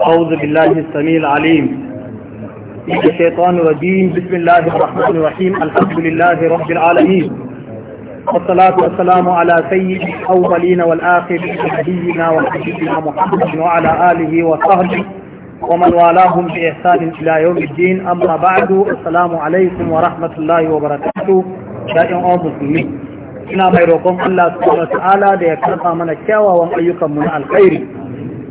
أعوذ بالله السميع العليم من الشيطان الرجيم بسم الله الرحمن الرحيم الحمد لله رب العالمين والصلاة والسلام على سيد الأولين والآخرين نبينا وحبيبنا محمد وعلى آله وصحبه ومن والاهم بإحسان إلى يوم الدين أما بعد السلام عليكم ورحمة الله وبركاته شائعون مسلمين ina mai roƙon Allah subhanahu wataala da ya karɓa mana kyawawan ayyukan mu na alkhairi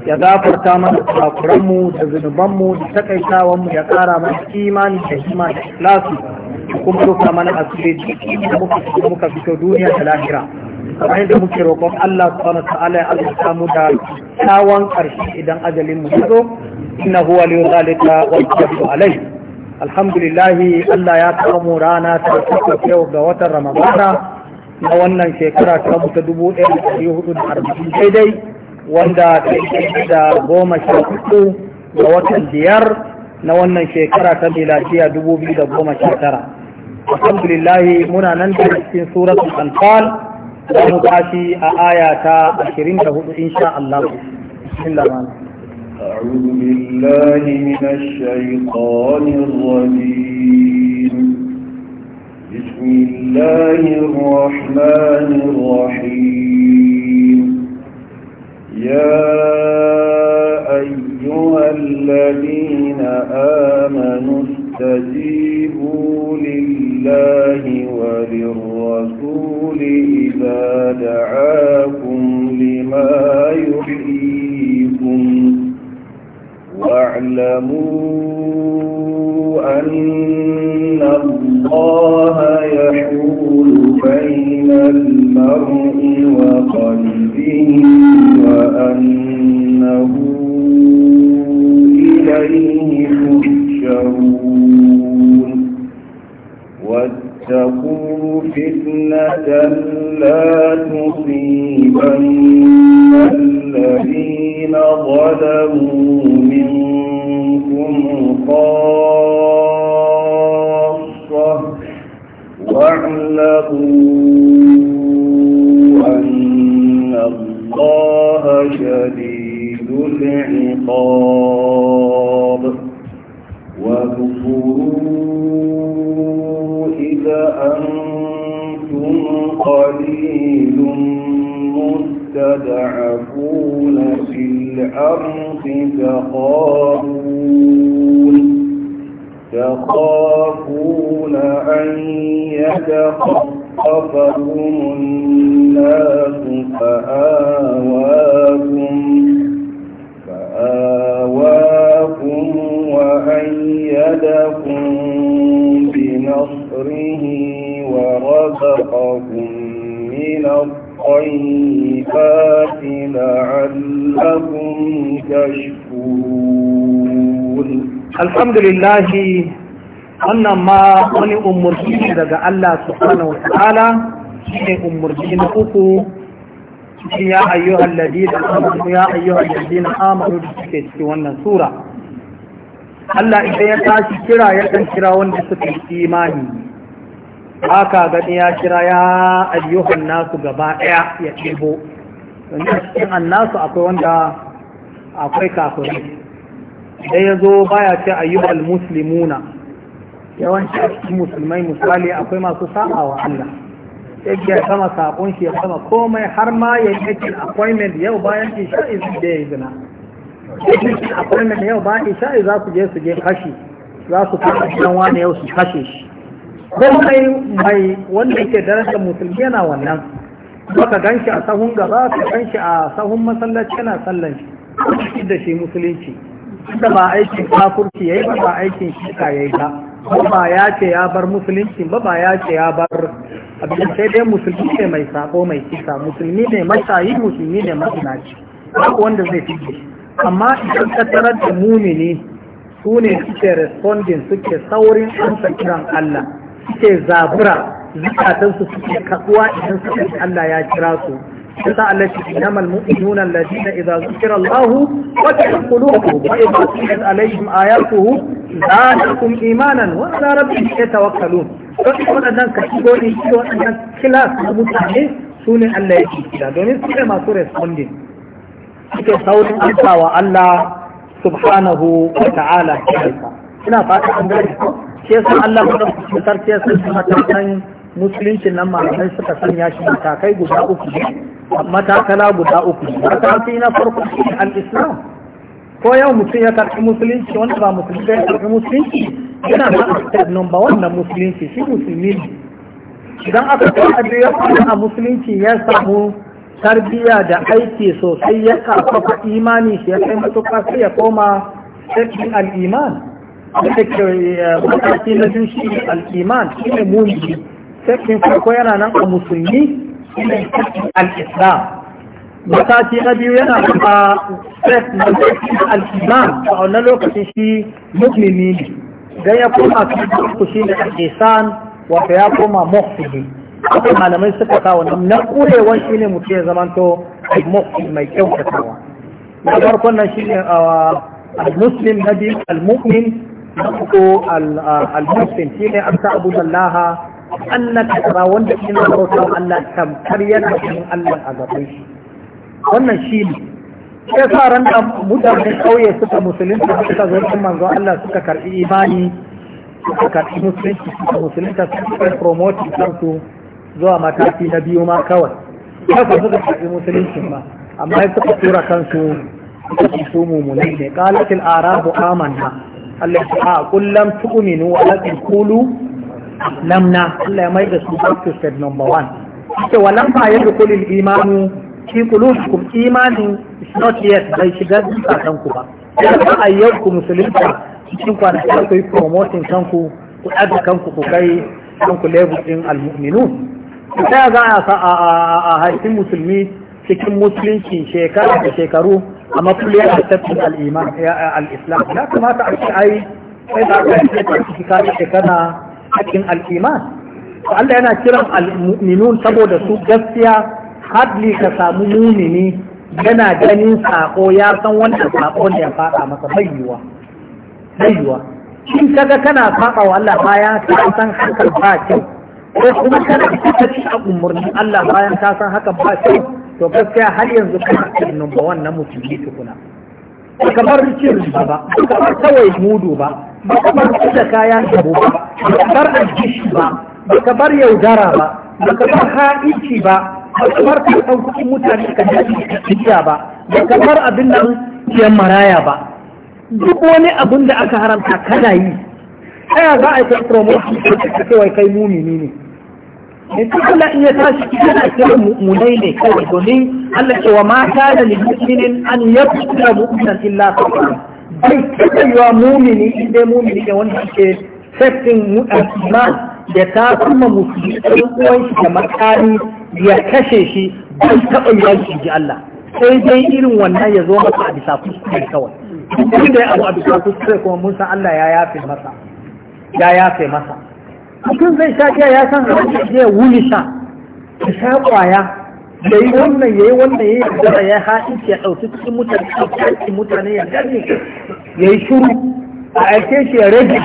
ya gafarta mana kurakuranmu da zunubanmu da takaitawanmu ya kara mana imani da hima da ikhlasi kuma rufa mana asiri da muka fito muka fito duniya da lahira kamar yadda muke roƙon Allah subhanahu ta'ala ya azurta mu da tsawon ƙarshe idan ajalin mu ya zo innahu waliyyu zalika wal qadiru alai. alhamdulillah Allah ya kawo mu rana ta farko yau ga watan Ramadana na wannan shekara ta mu ta 1440 daidai wanda ta da goma sha hudu ga watan biyar na wannan shekara ta miladiya dubu biyu da goma sha tara alhamdulillahi muna nan da cikin suratul anfal za mu tashi a aya ta ashirin da hudu insha Allah أعوذ بالله من الشيطان الرجيم بسم الله الرحمن الرحيم يا أيها الذين آمنوا استجيبوا لله وللرسول إذا دعاكم لما يحييكم واعلموا أن الله يحول بين المرء وقلبه به واتقوا فتنة لا تصيب alhamdulillahi wannan ma wani umarci daga Allah subhanahu wa ta'ala shine umarci na uku cikin ya ayyuhal da amanu ya ayyuhal na amanu da suke cikin wannan sura Allah idan ya tashi kira ya kan kira wanda suka yi imani haka gani ya kira ya ayyu nasu gaba daya ya ɗebo wannan cikin annasu akwai wanda akwai kafirai sai ya zo baya ce ayyuhal muslimuna yawanci cikin musulmai musali akwai masu sa'awa wa Allah sai ya sama sakon shi ya sama komai har ma ya yake appointment yau bayan isha'i izu da ya zina appointment yau bayan isha'i za su je su je kashi za su fara ɗan wani yau su kashe shi komai mai wanda yake daraja musulmi yana wannan baka gan shi a sahun gaba ka gan shi a sahun masallaci yana sallan shi da shi musulunci inda ba aikin kafurci yayi ba ba aikin shirka yayi ba ko ba ya ce ya bar musulunci ba ba ya ce ya bar abin sai dai musulmi ne mai sako mai kisa musulmi ne mashayi musulmi ne masinaci babu wanda zai fi amma idan ka tarar da mumini su ne suke responding suke saurin amsa kiran Allah suke zabura zukatansu suke katsuwa idan suka Allah ya kira su ان تعلم انما المؤمنون الذين اذا ذكر الله وجلت قلوبهم واذا تليت عليهم اياته زادكم ايمانا وعلى ربهم يتوكلون waɗannan kashigoni shi waɗannan kilas na mutane su Allah ya kira domin su ne masu respondin suke saurin amsawa Allah subhanahu wa ta'ala ina fata an gari ko ke san Allah musuluncin nan malamai suka sanya shi matakai guda uku matakala guda uku mataki na farko shi al-islam ko yau mutum ya karfi musulunci wanda ba musulunci ya karfi musulunci yana da step nomba one musulunci shi musulmi ne idan aka kai addu'a a musulunci ya samu tarbiyya da aiki sosai ya karfafa imani shi ya kai matuƙa sai ya koma sakin al'iman da take eh, mataki na jin shi al'iman shi ne mumini sakin farko yana nan a musulmi shine sakin al-islam mataki na biyu yana a sef na sakin al-islam a wannan lokacin shi mu'mini ne dan ya koma kan shi ne al-ihsan wato ya koma muhsini akwai malamai suka sa wannan na kurewan shine mutum ya zamanto muhsin mai kyautatawa na farkon shi ne al-muslim na biyu al-mu'min na uku al-muhsin shine an ta'budu Allah annaka tara wanda ina bautar Allah tamkar yana cikin Allah a gaban shi wannan shi ne sai sa ran da mutanen kauye suka musulunta suka zo cikin manzo Allah suka karbi imani suka karɓi musulunci suka musulunta suka promote kansu zuwa mataki na biyu ma kawai haka suka karbi musulunci ma amma ya suka tura kansu su mumunai ne qalatil arabu amanna Allah ya ce a kullum tu'minu wa lakin qulu namna Allah ya mai da su back to step number one ce walan ba ya dukul imanu fi qulubikum imanin is not yet bai shiga kan ku ba yadda a yau ku musulunta cikin kwanaki ku yi promoting kan ku ɗaga kanku ku kai ku level din almu'minun ta za a a haifin musulmi cikin musulunci shekara da shekaru a mafuliyar al al'islam ya kamata a ce ai sai da aka yi ta cikin shekara haƙƙin al'iman to Allah yana kiran al'mu'minun saboda su gaskiya hadli ka samu mumini yana ganin sako ya san wanda sako ne ya faɗa masa bayyuwa bayyuwa in kaga kana faɗa wa Allah baya ka san hakan ba kyau ko kuma kana kaci a umarnin Allah bayan ka san hakan ba kyau to gaskiya har yanzu kana cikin number 1 na mutum tukuna kamar cin ba kamar kawai mudu ba ba ka bar da kaya shabo ba ba ka bar aljishi ba ba ka bar yaudara ba ba ka bar ha'ici ba ba ka bar karɓar kuɗin mutane ka daɗi ka ba ba ka bar abin nan yan maraya ba duk wani abin da aka haramta kana yi ɗaya za a yi kai promotion ta ce wai kai mumini ne in kula iya tashi yana kira munai ne kawai domin Allah ce wa mata da lil an an kira mu'minan illa kafara bai taɓa yiwa mumini inda mumini ne wanda ake sassin mu'amma da ta kuma musulmi ɗan da makari ya kashe shi bai taɓa yi shi ji Allah sai dai irin wannan ya zo masa a bisa kuskure kawai duk da abu a bisa kuskure kuma mun san Allah ya yafe masa ya yafe masa mutum zai sha ya san rauni ya wuli sha ya sha kwaya ya yi wannan ya yi wannan ya yi da ya haɗi ya ɗauki cikin mutane ya ɗauki mutane ya gani ya yi shuru a aike shi ya rage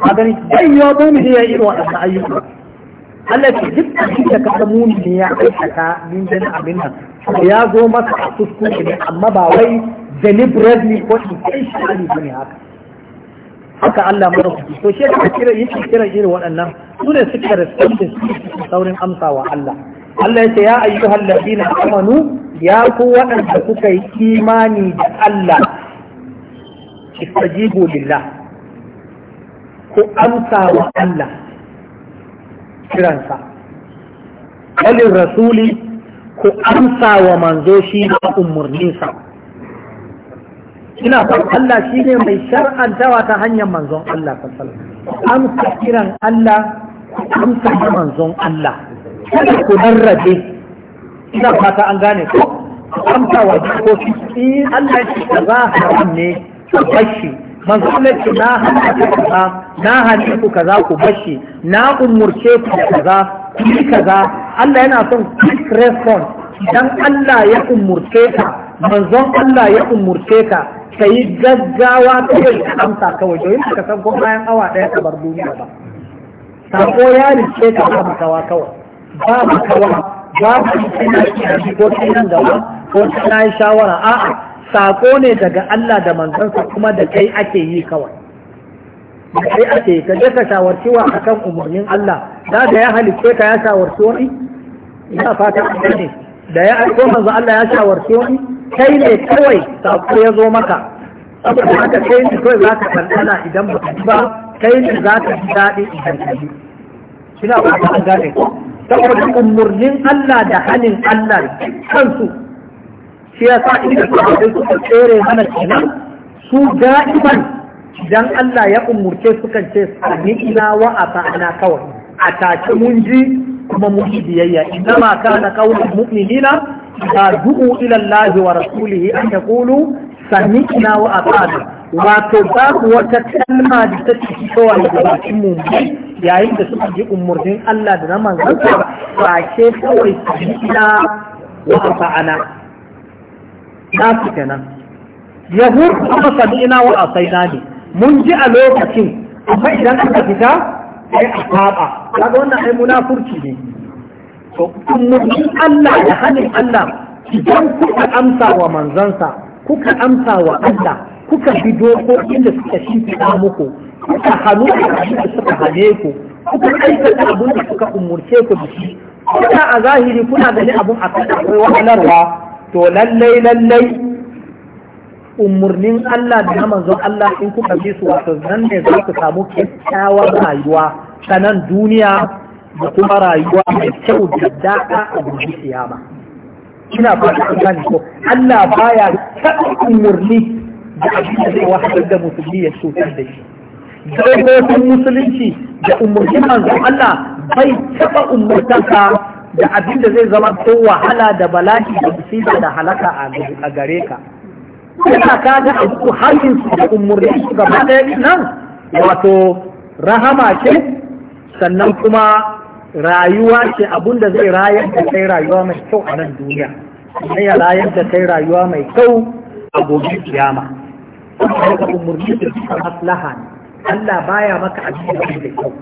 a gani dan ya mu ne ya yi waɗannan ayyuka Allah ke duk abin da kaga muni ne ya aikata min jin abin nan ya zo masa a kuskure ne amma ba wai deliberately ko in intentionally bane haka haka Allah madaukaki to shi yake kira yake kira irin waɗannan su ne suke responding saurin amsawa Allah Allah ya ce ya ayyuhal ladina amanu ya ku waɗanda suka yi imani da Allah istajibu lillah ku amsa wa Allah kiransa walin rasuli ku amsa wa manzo shi da umarninsa ina fa Allah shi ne mai shar'antawa ta hanyar manzon Allah sallallahu alaihi wasallam amsa kiran Allah ku amsa manzon Allah kada ku rarrabe ina fata an gane ko amsa wa jikoki in eh, Allah ya ce za haram ne ku bashi manzo Allah ce na hana ku kaza na hana ku kaza ku bashi na umurce ku kaza ku yi kaza Allah yana son quick response idan Allah ya umurce ka manzon Allah ya umurce ka ka yi gaggawa kawai ka amsa kawai domin ka san ko bayan awa daya ka bar duniya ba sako ya rike ka amsawa kawai ba mu kawa ba mu kina shi ko da ba ko kina shawara a'a sako ne daga Allah da manzansa kuma da kai ake yi kawai da kai ake yi ka je ka shawarci wa akan umarnin Allah da da ya halice ka ya shawarci wani ina fata an ne da ya aiko manzo Allah ya shawarci wani kai ne kawai sako ya zo maka saboda haka kai ne kawai za ka idan ba ba kai ne za ka ji daɗi idan ka ji. Ina ba ka gane saboda umurnin Allah da halin Allah kansu shi ya sa inda sahabbai suka tsere mana kenan su ga'iban idan Allah ya umurce su kan ce sami ila wa ata'ana kawai a tace mun ji kuma mun yi biyayya inna ma kana qaulul mu'minina ta du'u ila Allah wa rasulihi an yaqulu sami ila wa ata'ana wato babu wata kalma da ta ci kowa da bakin mu yayin da suka ji umurnin Allah da na manzon ba ke kawai sabila wa fa'ana na su kenan yahud kuma sabila wa asaina ne mun ji a lokacin amma idan aka fita sai a saba kaga wannan ai munafurci ne to umurnin Allah da hanin Allah idan kuka amsa wa manzansa kuka amsa wa Allah kuka bi dokokin da suka shimfiɗa muku kuka hannu da suka hane ku kuka aikata abin da suka umurce ku da shi kuka a zahiri kuna gani abin a kan akwai wahalarwa to lallai lallai umurnin Allah da na manzon Allah in kuka bi su wato nan ne za ku samu kyakkyawar rayuwa ta nan duniya da kuma rayuwa mai kyau da daɗa a gobe kiyama ina fata an gane ko Allah baya taɓa umurni da abin da zai wahalar da musulmi ya cutar da shi dokokin musulunci da umarci manzon Allah bai taɓa umartanka da abin da zai zama ko wahala da bala'i da musiba da halaka a gare ka yana ka ga abu hakin su da umarnin su gaba ɗaya nan wato rahama ce sannan kuma rayuwa ce abin da zai rayar da kai rayuwa mai kyau a nan duniya sai ya rayar da kai rayuwa mai kyau a gobe kiyama daga umarni da suka maslaha Allah baya maka abin da da kyau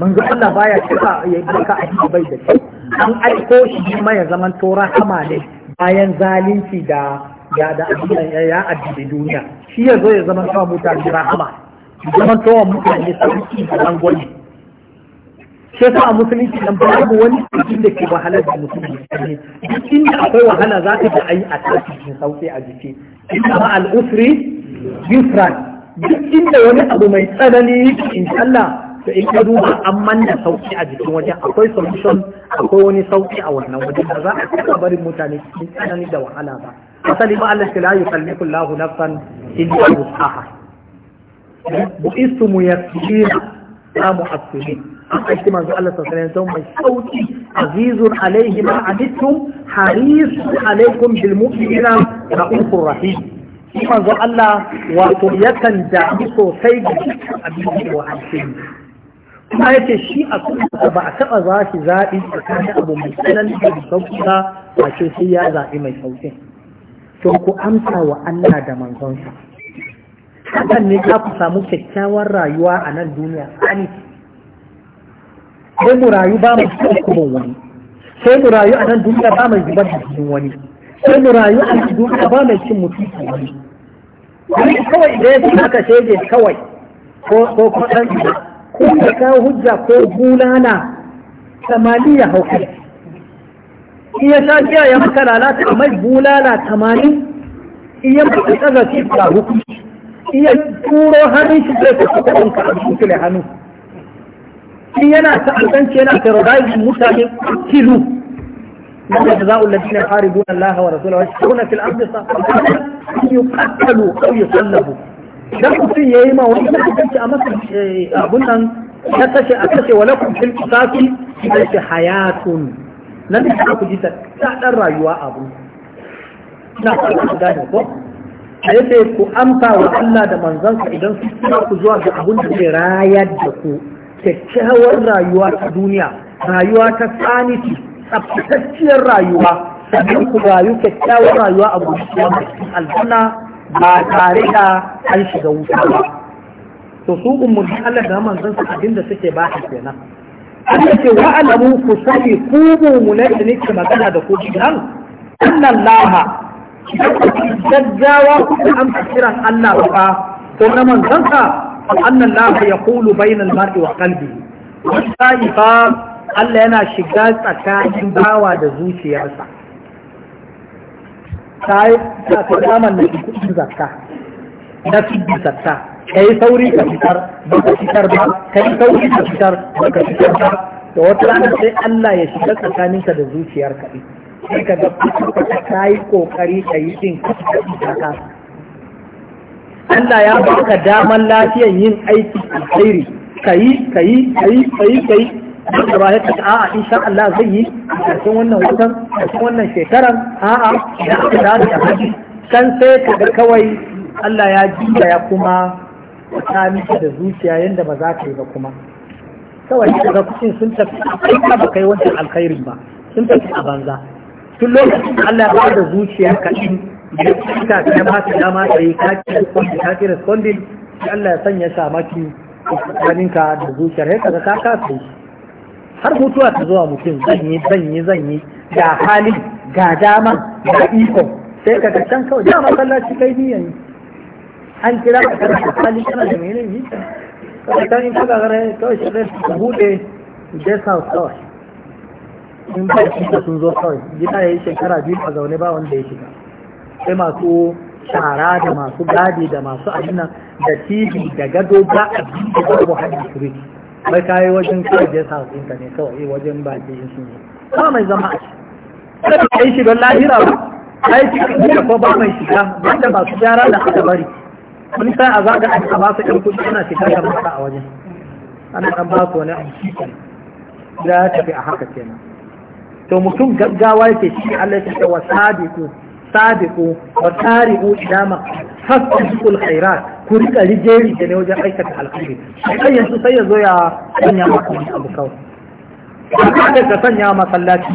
manzo Allah baya cika ya maka abin da bai da kyau an aiko shi kuma ya zaman to rahama ne bayan zalunci da ya da ya addini duniya shi ya zo ya zaman to mutane rahama zaman to mutane sauki da rangwani shi yasa a musulunci dan babu wani cikin da ke wahalar da musulunci ne duk inda akwai wahala za ka ga ai a cikin sauki a jiki inna ma al-usri yusran duk inda wani abu mai tsanani in Allah to in ka duba an manna sauki a jikin wajen akwai solution akwai wani sauki a wannan wajen ba za a taɓa barin mutane cikin tsanani da wahala ba asali ba Allah shi la yukallifu Allahu nafsan illa wus'aha bu'istu muyassirina samu mu'assirin an aiki manzo Allah sallallahu alaihi wasallam mai sauki azizun alaihi ma anittum harisun alaikum bil mu'minina ra'ufur rahim shi manzo Allah wato yakan dami sosai da abin da wahalce ne kuma yake shi a kuma ba a taɓa za shi zaɓi tsakanin abu mai tsanani da sauƙi ba a ce sai ya zaɓi mai sauƙin to ku amsa wa Allah da shi. hakan ne za ku samu kyakkyawar rayuwa a nan duniya tsani sai mu rayu ba mu kuma wani sai mu rayu a nan duniya ba mu zubar da wani sai mu rayu a duniya ba mai cin mutunci wani wani kawai idan ya fi aka shege kawai ko ko ɗan ko ka kawo hujja ko bulala samaniya haukai in ya sha ya maka lalata mai bulala tamanin in ya maka kazafi ga hukunci in ya turo hannun shi zai tafi kuɗin ka abin kule hannu in yana ta'azanci yana terrorizing mutane kilu لما جزاء الذين يحاربون الله ورسوله ويسعون في الأرض صفا أن يقتلوا أو يصلبوا idan mutum ya yi ma wani ya kasance a masa abun nan ya kashe a kashe wa lakum fil qisasi kashe hayatun nan da ku ji ta dan rayuwa abu na ku gane ko sai sai ku amsa wa Allah da manzansa idan su kira ku zuwa ga abun da zai rayar da ku kyakkyawar rayuwa ta duniya rayuwa ta sanity tsaftatacciyar rayuwa sannan ku rayu kyakkyawar rayuwa a gudunwa cikin ba tare da an shiga wuta ba to su umurni Allah da manzon su abinda suke ba shi kenan Allah ce wa alamu ku sani ku mumunai da nake magana da ku nan annan laha gaggawa kuka amsa kiran Allah ba ko na manzon sa annan laha yaqulu bainal mar'i wa qalbi wa sa'ifa Allah yana shiga tsakanin bawa da zuciyarsa ta yi ta kaman na cikin zakka na cikin zakka ka yi sauri ka fitar ba ka fitar ba ka yi sauri ka fitar ba ka fitar ba da wata rana sai Allah ya shiga tsakaninka da zuciyarka sai ka ga kuka ta yi kokari ka yi din zakka Allah ya baka daman lafiyan yin aiki a ka ka yi, yi, ka yi, ka yi, ka yi. da ba ya ce a'a insha Allah zai yi cikin wannan watan cikin wannan shekaran a'a da aka da aka kan sai ka ga kawai Allah ya jiya ya kuma ta miki da zuciya yanda ba za ka yi ba kuma kawai ka ga kucin sun tafi kai ba kai wancan alkhairin ba sun tafi a banza tun lokacin da Allah ya ba da zuciya ka in da kika ka ba ta dama ta yi ka ki responding ka ki responding Allah ya sanya sa shamaki tsakaninka da zuciyar haka ka ka kasu har mutuwa ta zuwa mutum zan yi zan yi zan yi ga hali ga dama ga iko sai ka can kawai da masallaci kai niyan yi an kira ka kana da hali kana da nan yi kawai kan in ka gagara kawai shi zai su bude da south kawai in ba shi ka sun zo kawai gida ya yi shekara biyu a zaune ba wanda ya shiga sai masu shara da masu gadi da masu abinan da tv da gado ba a biyu da babu hadin bai kayi wajen kawai je sa ka ne kawai eh, wajen baki in yin ne ba mai zama a shi ka yi shigar lahira ba ka yi cikin da ko ba mai shiga wanda ba su gyara da aka bari wani sai a zaga a ba su ɗan kudi suna shiga da mata a wajen ana ɗan ba su wani a da ya tafi a haka kenan to mutum gaggawa yake shi Allah ya ce wa sadiqu sabiku wa tariqu ila maqsadikum khairat ku rika rijeri da ne wajen aikata alkhairi sai yanzu sai ya zo ya sanya maka abu kawai kada ka sanya masallaci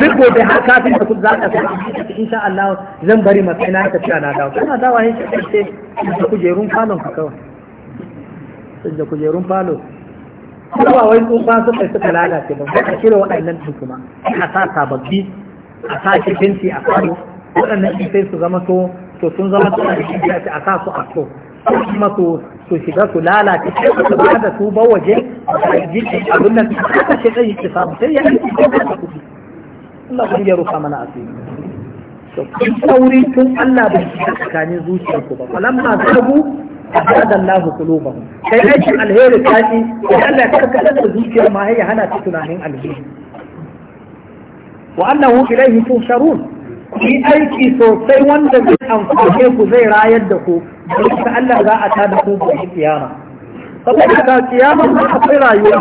duk gobe har kafin da ku za ka kai insha Allah zan bari masai na ka ana dawo kana dawo yin shi sai kujerun falon ka kawai sai kujerun falon kuma wai su kai suka lalace ba a cire waɗannan tukuma a sa sababbi a sa fenti a faru. waɗannan in sai su zama so to sun zama to a sa su a so kuma su su shiga su lalace sai su ba da su ba waje a jikin abin nan aka ce zai yi samu sai ya yi kuɗi Allah kun yaro rufa mana asiri to kun sauri tun Allah bai shiga tsakanin zuciyar ku ba falamma zabu أزاد الله قلوبهم كي أيش الهير الثاني وألا كتلت ذكر ما هي هنا تتناهين الهير وأنه إليه تهشرون Ki aiki sosai wanda zai amfane ku zai rayar da ku da Allah za a tada ku ba kiyama saboda ka kiyama ba akwai rayuwa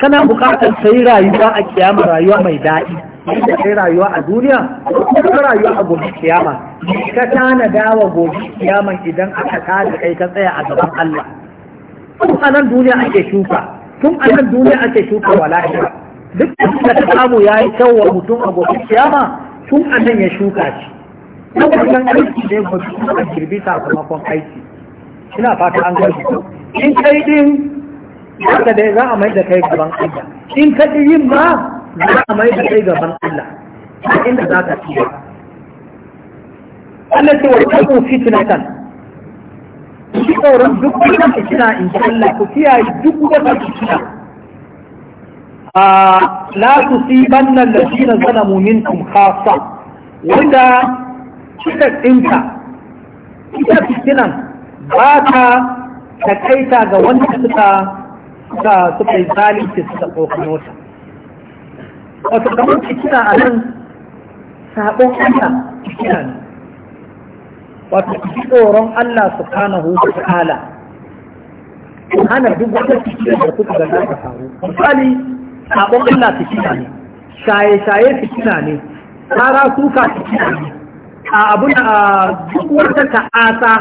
kana buƙatar sai rayuwa a kiyama rayuwa mai daɗi da sai rayuwa a duniya kuma rayuwa a gobe kiyama ka tana dawa gobe kiyama idan aka tada kai ka tsaya a gaban Allah tun a nan duniya ake shuka tun a nan duniya ake shuka wala'i duk da ta samu ya yi kyau wa mutum a gobe kiyama tun a nan ya shuka shi lokacin aiki ne ba su a girbi sakamakon aiki ina fata an gaji. in kai din haka dai za a mai da kai gaban Allah in ka yin ma za a mai da kai gaban Allah inda za ka fiye Allah ce wa tabu fitnatan shi tsoron duk wata kina in ji Allah ku kiyaye duk wata kina la tusibanna allazina zalamu minkum khassa wanda kika dinka kika fitinan ba ta takaita ga wanda suka suka suka yi zalunci suka tsokano ta wato kamar fitina a nan sabon Allah fitina ne wato ji tsoron Allah su subhanahu wa ta'ala hana duk wata fitina da kuka ga za ta faru misali sabon Allah fitina ne shaye-shaye fitina ne tara suka fitina ne a abin a duk wata ta'asa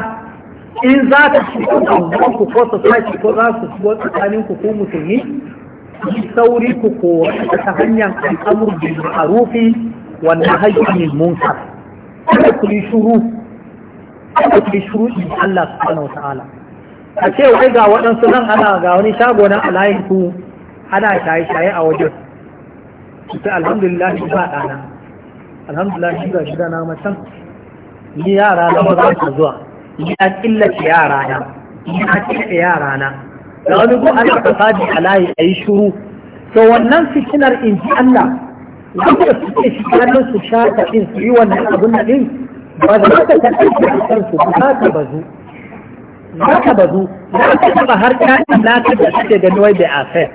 in za ta shiga kwanwon ku ko sai ko za su shigo tsakanin ku ko musulmi sauri ku ko ta hanyar al'amur bil ma'rufi wa nahyi anil munkar kada ku yi shuru kada ku yi shuru in Allah subhanahu wa ta'ala a ce wai ga waɗansu nan ana ga wani shago nan alayin ana shaye-shaye a wajen sai alhamdulillah ba ɗana alhamdulillah shi ga shi da na macen ni yara na ba za su zuwa ni a killace yara na ni a killace yara na da wani ko ana fasadi a layi a yi shuru to wannan fitinar in ji Allah wanda suke shi kallon su shata ɗin su yi wannan abin na ɗin ba za ka ta aiki a kansu ba ta bazu za ta bazu za ka taɓa har ƴaƴan naka da suke gani wai da affair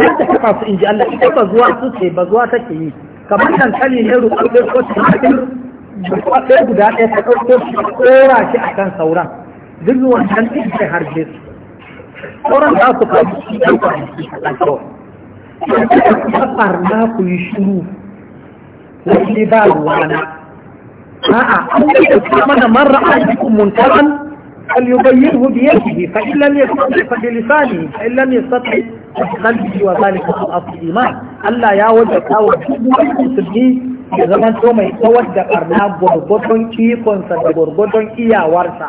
dan ta kafa su inji Allah ita ba zuwa su ce ba zuwa take yi kamar nan kali ne ruwan da ko ta ba ta guda ɗaya ta ɗauko shi tsora shi akan sauran duk wannan ɗin sai harbe su sauran za su kawo shi da kwanaki a ɗan kawai ta ku yi shiru wani ba ruwana a'a an yi da mana marar aiki munkaran فليبينه بيده فإن لم يستطع فبلسانه فإن لم يستطع بقلبه وذلك أضعف الإيمان ألا يا وجه أو المسلمين ya zaman to mai tsawar da ƙarna gwargwadon ikonsa da gwargwadon iyawarsa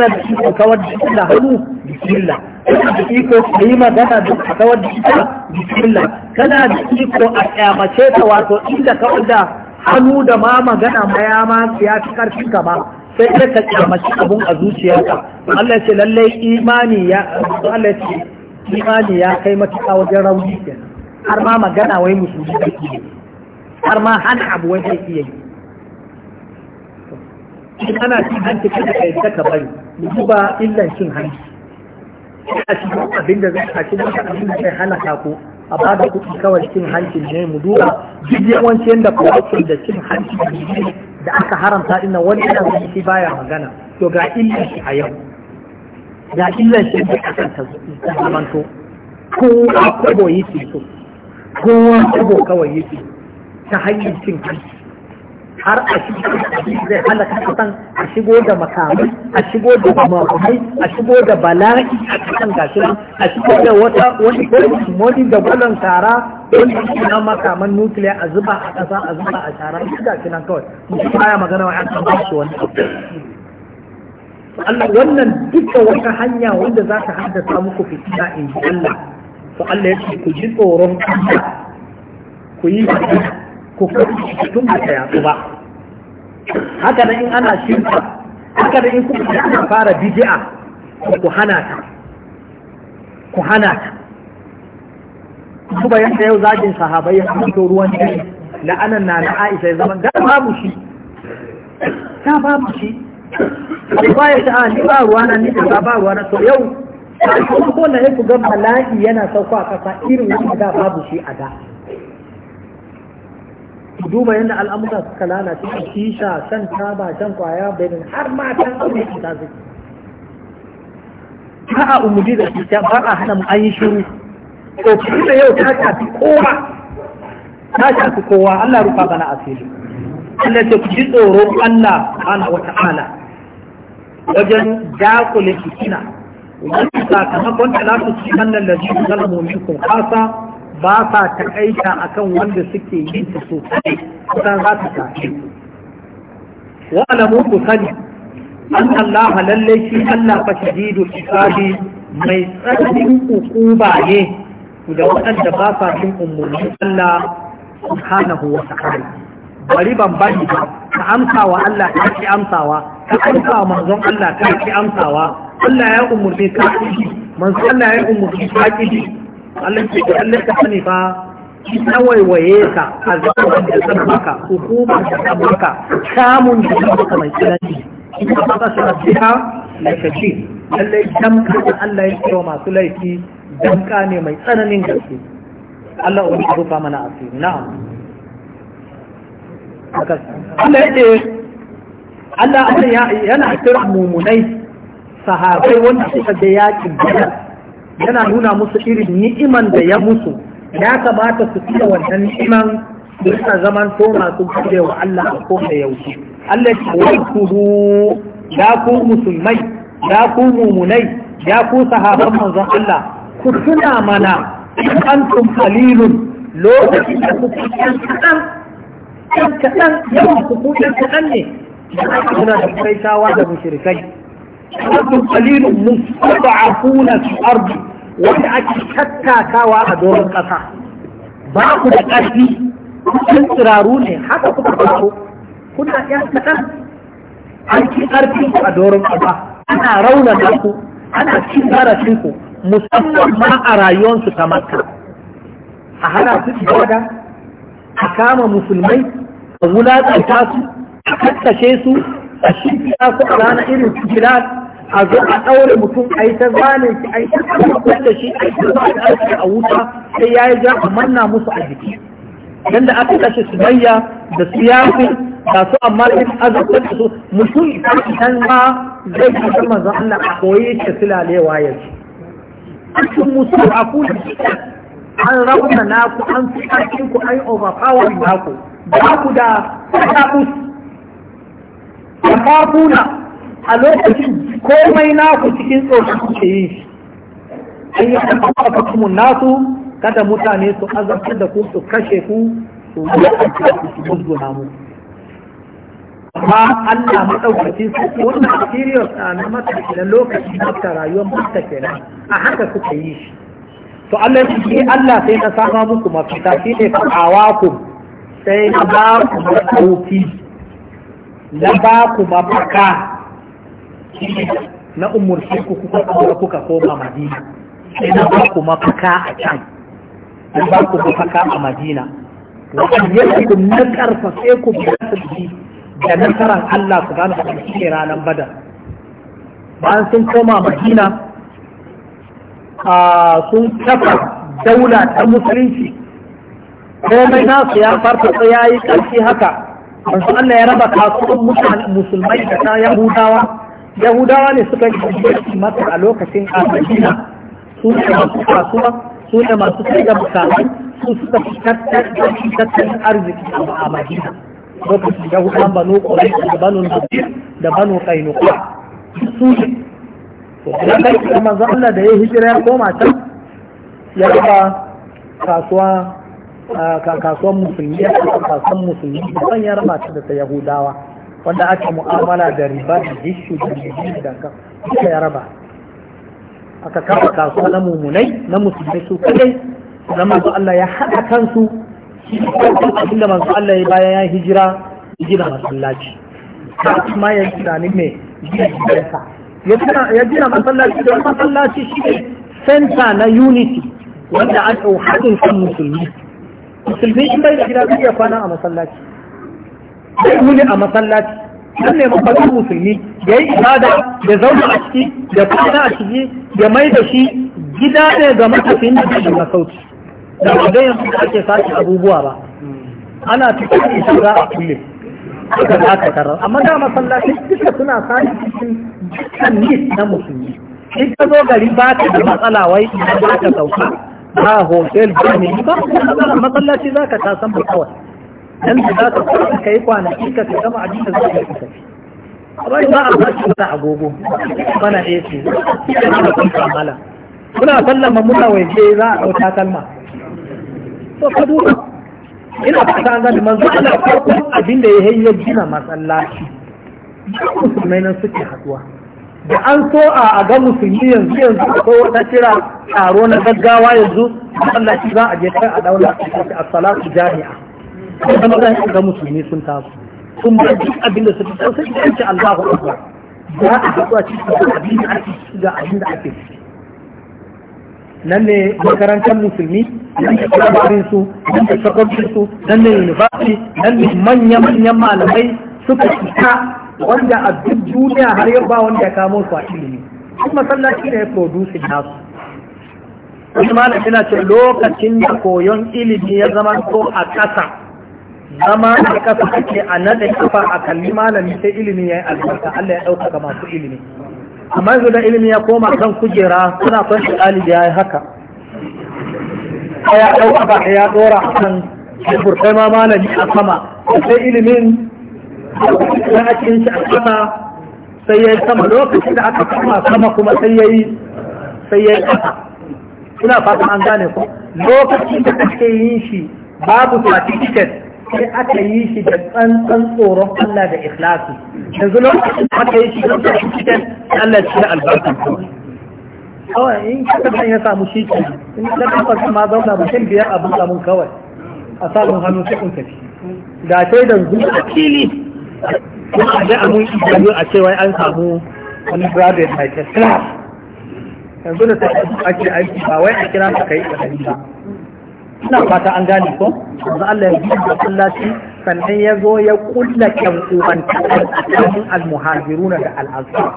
da iko kawar da ita da hannu bismillah tana da iko ka yi magana da a kawar da ita bismillah tana da iko a kyamace ta wato inda ka da hannu da ma magana ma ya ma ya fi karfin ka ba. sai ka ka kyamaci abun a zuciyarka Allah ce lallai imani ya Allah ce imani ya kai matuƙa wajen rauni kenan har ma magana wai musulmi da ke har ma hana abu wani zai iya yi in ana cin hanci kada ka yadda ka bari mu duba illan cin hanci ina cikin abin da zai a cikin abin da zai halaka ko a ba da kuɗi kawai cin hanci ne mu duba duk yawanci yadda corruption da cin hanci da aka haramta ina wani yana shi baya magana to ga illan shi a yau ga illan shi da kasan ta zamanto kowa kobo yake so kowa kobo kawai yake ta hanyar cin hanci har a shigo zai halaka kasan a shigo da makamai a shigo da makamai a shigo da bala'i a kasan gashi a shigo da wata wani modi da gwalon tara wani na makaman nukiliya a zuba a kasa a zuba a tara a shiga shi nan kawai mutum baya magana wa an san wani Allah wannan duka wata hanya wanda za ta haddasa muku fitina in ji Allah to Allah ya ce ku ji tsoron ku yi ku kuma tun ba ta yaɗu ba haka da in ana shirka haka da in kuma ana fara bid'a ku hana ta ku hana ta ku bayan yau zagin sahabai ya fito ruwan dare la'anan na na Aisha ya zama da babu shi ta babu shi ba ya ta ni ba ruwa na ni ba ba ruwa na to yau ko na ku ga mala'i yana sauka kasa irin wanda da babu shi a da ku duba yadda al'amura suka lalace a kisha, shan taba shan kwaya benin har matan aure su ta zuki ba a umuri da shisha ba a hana mu an yi shiru to kuma yau ta shafi kowa ta shafi kowa Allah rufa bana asiri Allah ta ku ji tsoro Allah subhanahu wa ta'ala wajen dakule fitina wannan sakamakon da za su ci nan lallaji zalamu minkum khasa ba sa takaita kan wanda suke yi ta sosai, kusan za su tafi wa alamu ku sani an Allah lallai shi Allah fa shadidu hisabi mai tsananin hukuma ne da waɗanda ba sa cin umurnin Allah subhanahu wa ta'ala bari ban bari ba ka amsawa Allah ka ki amsawa ka amsawa wa manzon Allah ka ki amsawa Allah ya umurni ka ki manzon Allah ya umurni ka ki Allah da Allah ka sani fa ki tawaiwaye ka a zaman da zan maka hukumar da maka samun da mai tsanani ta Allah ya kiro masu laifi mai tsananin gaske Allah ubi mana na'am kira mumunai sahabai wanda suka ga yakin bidar yana nuna musu irin ni'iman da ya musu ya kamata su fiye wannan ni'iman su rika zaman to masu gode wa Allah a ko da yaushe Allah ya wai kudu ya ku musulmai ya ku mumunai ya ku sahaban manzon Allah ku tuna mana in antum qalilun lokacin da kuke yan kadan kadan yawan ku ku kadan ne da kuna da kaitawa da mushrikai annabun qalilun mustada'afuna fi ardi wanda ake tattakawa a doron ƙasa ba ku da ƙarfi kun tsiraru ne haka kuka farko kuna ƴan kaɗan an ci ƙarfin ku a doron ƙasa ana raunana ku ana cin zarafin ku musamman ma a rayuwarsu ta makka a hana su ibada a kama musulmai a wulaƙanta su a kakkashe su a shirya su a irin su bilal a zo a ɗaure mutum a yi ta zane shi a yi ta tabbatar da shi a yi ta zane a wuta sai ya yi ja a manna musu a jiki yanda aka kashe su bayya da su yafi da su amma in azabtar da su mutum idan ma zai yi ta manzo Allah a koyi shi silalewa ya ce cikin musu a ku an rauna naku an fi ƙarfin ku an overpower naku ba ku da ta kafu ta kafuna a lokacin komai naku cikin tsoron kuke yi shi an yi kafa kuma nasu kada mutane su azabtar da ku su kashe ku su yi su musguna mu amma Allah maɗaukacin su wannan serious a na mata da lokaci mata rayuwar mata kenan a haka suka yi shi to Allah shi ne Allah sai na sama muku mafita shi ne fa'awa ku sai na ba ku mafauki na ba ku mafaka na umurci ku kuka kura kuka koma madina sai na ba ku mafaka a can na ba ku mafaka a madina wajen ku na sai ku bi asirji da nasarar Allah su gane a cikin ranar badar bayan sun koma madina sun kafa daula ta musulunci komai nasu ya sai ya yi ƙarfi haka wanzu Allah ya raba kasuwan musulmai da ta yahudawa yahudawa ne suka yi masa a lokacin afirka su ne masu kasuwa su ne masu sai da musamman su suka fi tattalin arziki a madina lokacin yahudan banu kore da banu nazir da banu kainuka su ne to kai kuma manzo Allah da ya hijira ya koma can ya raba kasuwa kasuwan musulmi ya kasuwan musulmi ban ya raba ta da yahudawa wanda aka mu'amala da riba da gishu da gishu da ka ya raba aka kafa kasuwa na mumunai na musulmai su kadai sannan manzo Allah ya haɗa kansu shi abin da manzo Allah ya bayan ya hijira gina masallaci kuma ya tunanin me gina gidansa ya gina masallaci da masallaci shi ne center na unity wanda aka haɗin kan musulmi musulmi in bai da gida zai iya kwana a masallaci zai wuni a masallaci dan ne mafaɗin musulmi ya yi ibada da zauna a ciki da kwana a ciki ya mai da shi gida ne ga matafiyin da ke masauki da ba zai yanzu ake sace abubuwa ba ana cikin shiga a kullum suka za ka karar amma da masallaci duka suna sace cikin dukkan nis na musulmi in ka zo gari ba ka da matsala wai ba ka sauka ba hotel ba ne ba matsalaci za ka tasan ba kawai dan da za ka fara ka yi kwanaki ka ka gama abin da za ka yi ka tafi bai ba a bashi wani agogo bana ɗaya ce ya na kun kamala muna ma muna waje za a ɗauka kalma So ka duba ina fata an gani manzo ana farkon abin da ya yi ya gina masallaci musulmai nan suke haɗuwa da an so a ga musulmi yanzu yanzu akwai wata kira taro na gaggawa yanzu masallaci za a je kai a daula a salatu jami'a sai zama zan ga musulmi sun taso sun ba duk abin da su fito sai da yanke Allahu akbar za a ga zuwa cikin abin da ake ciki da abin da ake ciki nan ne makarantar musulmi nan ne kalabarin su nan ne sakwabcin su nan ne university nan ne manyan manyan malamai suka fita wanda a duk duniya har yau ba wanda ya kamo su a ilimi kuma masallaci ne ya produce nasu wasu malam suna ce lokacin da koyon ilimi ya zama ko a ƙasa zama a kasa ake a nada kafa a kalli malami sai ilimi ya yi albarka Allah ya ɗaukaka masu ilimi amma yanzu da ilimi ya koma kan kujera suna shi ɗalibi ya yi haka ya ɗaukaka ya ɗora a kan burkai ma malami a sama sai ilimin ya ake yin shi a sama sai ya yi sama lokacin da aka kama sama kuma sai ya yi sai ya yi ƙasa suna fata an gane ku lokacin da ake yin shi babu certificate sai aka yi shi da tsantsan tsoron Allah da ikhlasi yanzu lokacin aka yi shi da tsantsan cikin Allah shi da albarkar kawai in ka san ya samu shi ke in ka tabbata ma zauna mutum biyar abin samun kawai a samun hannu sai kun tafi da sai da zuwa fili kuma a ga amun ibrahim a cewa an samu wani graduate mai class yanzu da sai ake aiki ba wai a kira ka kai ba ina fata an gane ko yanzu Allah ya biyu da kullaci sannan ya zo ya kulla kyan ubanta al'adamin almuhajiruna da al'azhar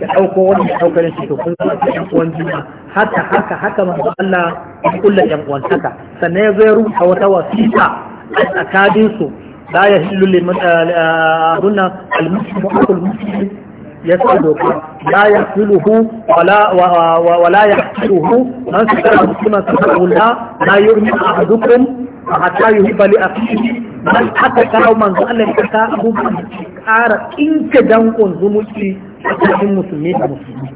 ya ɗauko wani ya ɗaukar shi to kun san yan uwan juna haka haka haka manzo Allah ya kulla yan uwantaka sannan ya zo ya rubuta wata wasiƙa a tsakaninsu لا يهل لمن أظن المسلم أخو المسلم ya sa doka ya ya filuhu wala ya filuhu man su kara musulman su kara wula na yi rumi a hadukun a hata yi hibali a fiye man haka kawo manzo Allah ya ta abubuwan da ke kara inka dankon zumunci a cikin musulmi da musulmi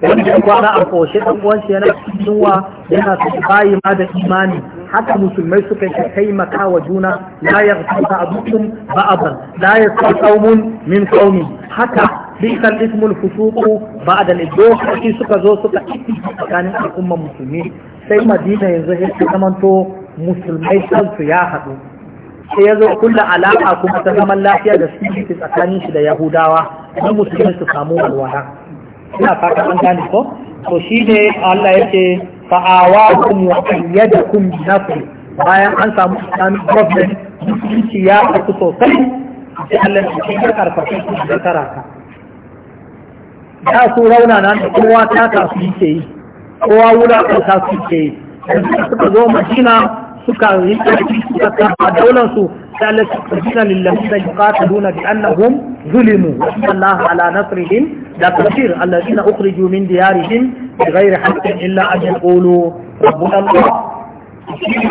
wanda ya kwana a koshe ɗan uwansa yana cikin wa yana su bayi ma da imani haka musulmai suka yi taimaka wa juna la ya fita abukum ba'aban la ya qaumun min qaumin haka bisan ismul fusuku ba da dokoki suka zo suka ciki tsakanin al'ummar musulmi sai madina yanzu ya ce zamanto musulmai kansu ya haɗu sai ya zo kulla alaƙa kuma ta zaman lafiya da su tsakanin shi da yahudawa don musulmi su samu walwala ina fata an gane ko to shi ne Allah ya ce fa'awa kun wa kun na nasri bayan an samu islamic government musulunci ya ɗauki sosai sai Allah ya ce ya karfafa su da karaka da su rauna na da kowa ta kasu yake yi kowa wulaƙar kasu yake yi yanzu suka zo madina suka yi ƙarfi suka kama daular su ta lalata lillahi da yi ƙataluna bi annahum zulimu Allah ala nasrihim da kafir allazina ukhriju min diyarihim bi ghairi haqqin illa an yaqulu rabbuna Allah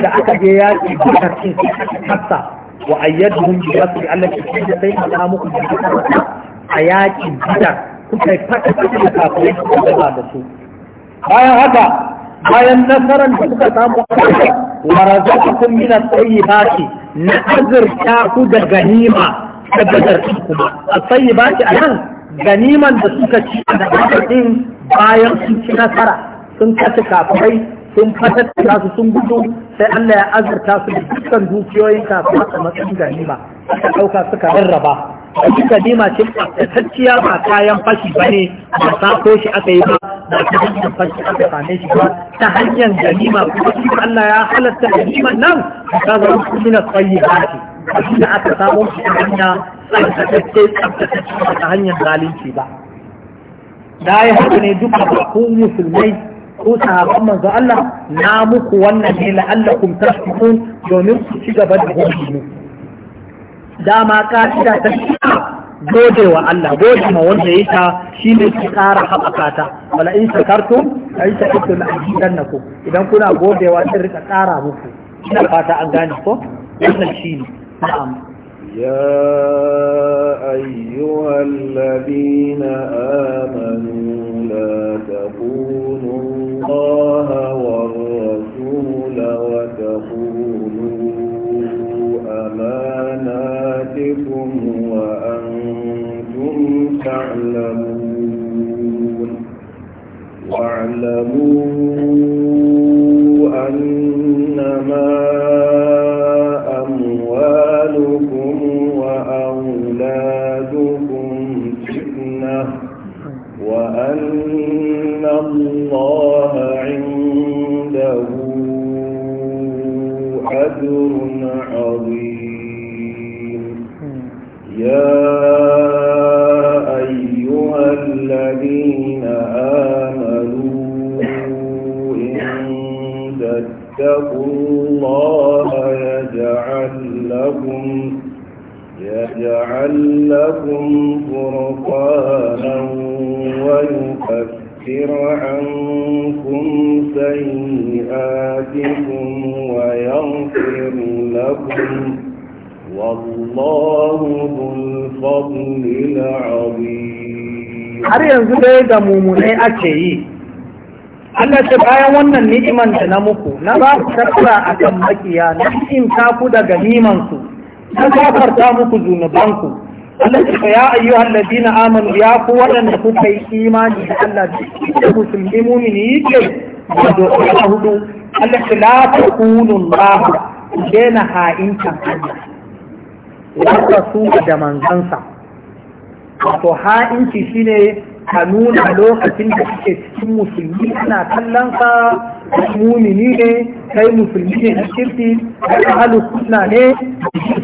da aka je yaki bukatin su aka kasa wa ayyaduhum bi nasri allati tajid sayfa mukhrijin a yaki bidar suka yi fata da kafirai da su bayan haka bayan nasarar da suka samu wa kungina min ba tayyibati na azurta ku da ganima ta su kuma ce a nan, ganiman da suka ci a daga din bayan sun ci nasara sun kashe kafirai sun fatattaka su sun gudu sai Allah ya azurta su da dukkan dukiyoyin kafirai a matsayin ganima suka ɗauka suka rarraba wani kadima ce tsaftatacciya ba kayan fashi ba ne da sako shi aka yi ba da ta hanyar fashi aka same shi ba ta hanyar ganima kuma shi Allah ya halatta ganiman nan ta zama kuma tsayi ba ce da aka samu shi ta hanya tsaftatacce ba ta hanyar zalunci ba da ya haka ne duka ba ko musulmai ko sahabban manzo Allah na muku wannan ne la'allakum tashkurun domin ku ci gaba da godiya dama ka'ida ta gode wa Allah gode ma wanda ya ta shi ne ki ƙara haɓaka ta wala in shakartum ai ta ito na ku idan kuna gode wa zan rika ƙara muku ina fata an gane ko wannan shi ne na'am يا أيها الذين آمنوا لا تخونوا الله والرسول وتخونوا أماناتكم وأنتم تعلمون واعلموا أنما أموالكم وأولادكم فتنة وأن الله عنده أجر عظيم يا أيها الذين آمنوا إن تتقوا الله يجعل لكم يجعل لكم فرقانا ويكفر عنكم سيئاتكم ويغفر لكم har yanzu dai ga mumunai ake yi Allah ce bayan wannan ni'iman da na muku na ba ku shakara a kan makiya na cikin ku daga nimansu na gafarta muku zunubanku Allah ce ya ayyuhan na amanu ya ku waɗanda kuka yi imani da Allah da musulmi mumini yake da doka hudu Allah ce la takunu Allah dena ha'intan Allah wasa su da manzansa wato ha'inci shine ka nuna lokacin da suke cikin musulmi ana kallon sa kai mumini ne kai musulmi ne na kirki kai ahlus sunna ne